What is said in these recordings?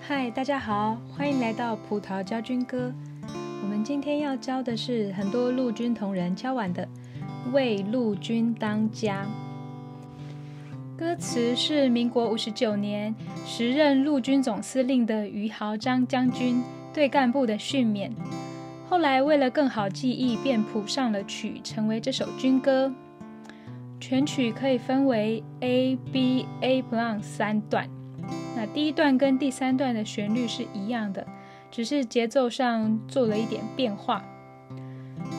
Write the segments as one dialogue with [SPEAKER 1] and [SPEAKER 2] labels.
[SPEAKER 1] 嗨，大家好，歡迎來到葡萄教軍歌。我們今天要教的是很多陸軍同仁敲碗的《為陸軍當家》。歌詞是民國五十九年時任陸軍總司令的於豪章將軍對幹部的訓勉。後來為了更好記憶，便譜上了曲，成為這首軍歌。全曲可以分為 A B A plus 三段。那第一段跟第三段的旋律是一樣的，只是節奏上做了一點變化。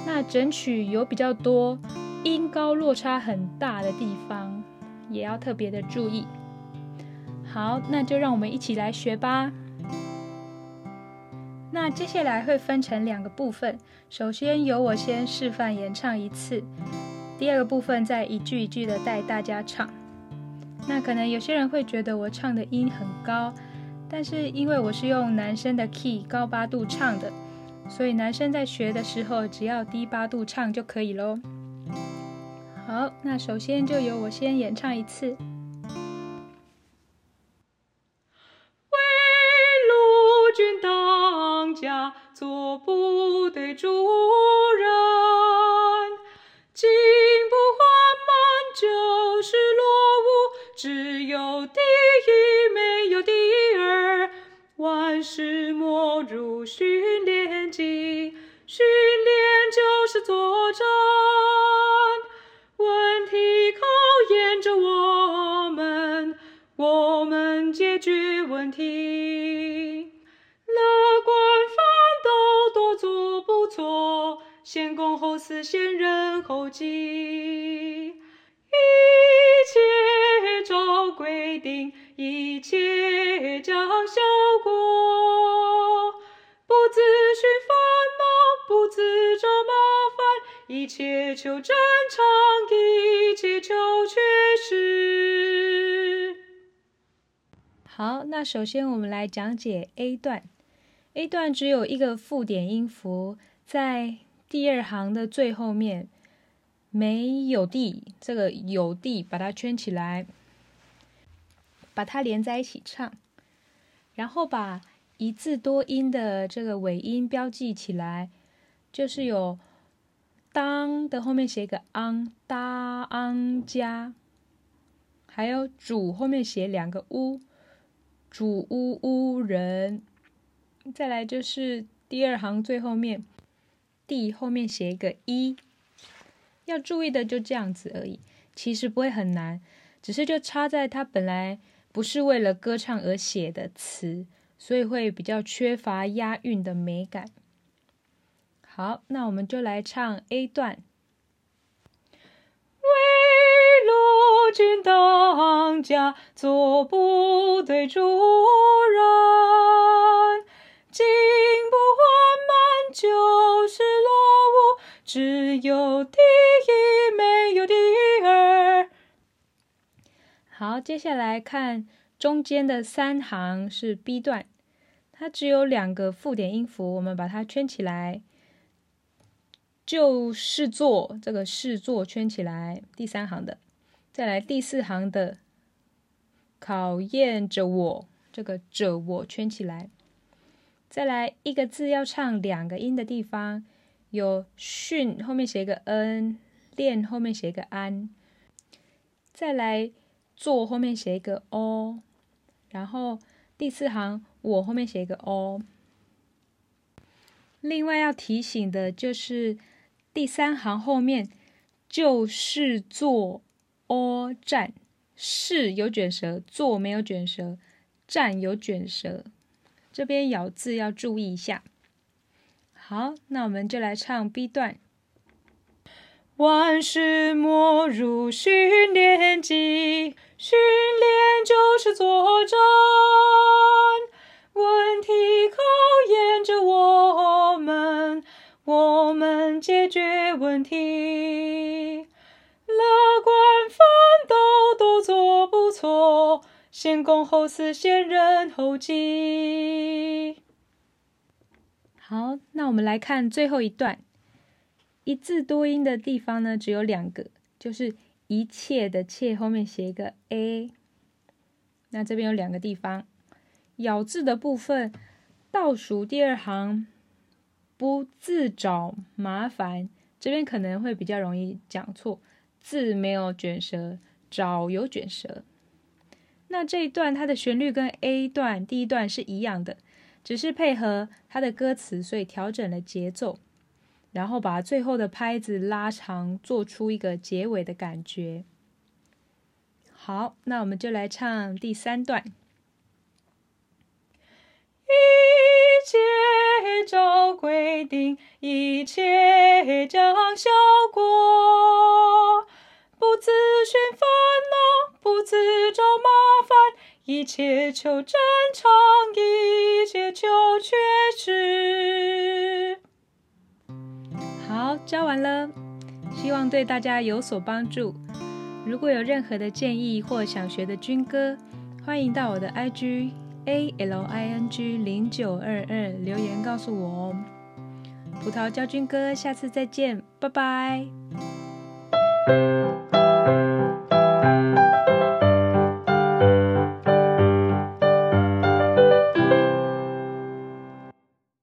[SPEAKER 1] 那整曲有比較多音高落差很大的地方，也要特別的注意。好，那就讓我們一起來學吧。那接下來會分成兩個部分，首先由我先示範演唱一次，第二個部分再一句一句的帶大家唱。那可能有些人會覺得我唱的音很高，但是因為我是用男生的 key 高八度唱的，所以男生在學的時候只要低八度唱就可以嘍。好，那首先就由我
[SPEAKER 2] 先演唱一次。做部隊主人，進步緩慢就是落伍。只有第一，沒有第二。萬事莫如訓練急，訓練就是作戰。先任後繼，一切照規定，一切講效果，不自尋煩惱，不自找麻煩，一切求正常，一切求缺失。
[SPEAKER 1] 好，那首先我們來講解 A 段，A 段只有一個附點音符在。第二行的最後面沒有地，這個有地把它圈起來，把它連在一起唱，然後把一字多音的這個尾音標記起來，就是有當的後面寫一個 ang，當 ang 家，還有主後面寫兩個屋，主屋屋人，再來就是第二行最後面。D 後面寫一個一、e，要注意的就這樣子而已，其實不會很難，只是就差在它本來不是為了歌唱而寫的詞，所以會比較缺乏押韻的美感。好，那我們就來唱 A 段，為陸
[SPEAKER 2] 軍當家，做部隊主人。沒有第一，沒有第二。
[SPEAKER 1] 好，接下來看中間的三行是 B 段，它只有兩個附點音符，我們把它圈起來，就是做這個“是做”圈起來。第三行的，再來第四行的，考驗着我這個“着我”圈起來。再來一個字要唱兩個音的地方。有訓後面寫一個 n，練後面寫一個安。再來做後面寫一個 o，然後第四行我後面寫一個 o。另外要提醒的就是第三行後面就是做 o 站，是有卷舌，做沒有卷舌，站有卷舌，這邊咬字要注意一下。好，那我們就來唱 B
[SPEAKER 2] 段。萬事莫如訓練急，訓練就是作戰。問題考驗着我們，我們解決問題。樂觀奮鬥都，都做不錯，先公後私，先人後己。
[SPEAKER 1] 好，那我們來看最後一段。一字多音的地方呢，只有兩個，就是“一切”的“切”後面寫一個 a。那這邊有兩個地方，咬字的部分，倒數第二行“不自找麻煩”，這邊可能會比較容易講錯。自沒有卷舌，找有卷舌。那這一段它的旋律跟 A 段第一段是一樣的。只是配合他的歌詞，所以調整了節奏，然後把最後的拍子拉長，做出一個結尾的感覺。好，那我們就來唱第三段。
[SPEAKER 2] 一切照規定，一切講效果，不自尋煩惱，不自找麻煩，一切求正常，一。就確實。
[SPEAKER 1] 好，教完了，希望對大家有所幫助。如果有任何的建議或想學的軍歌，歡迎到我的 I G A L I N G 0 9 2 2留言告訴我哦。葡萄教軍歌，下次再見，拜拜。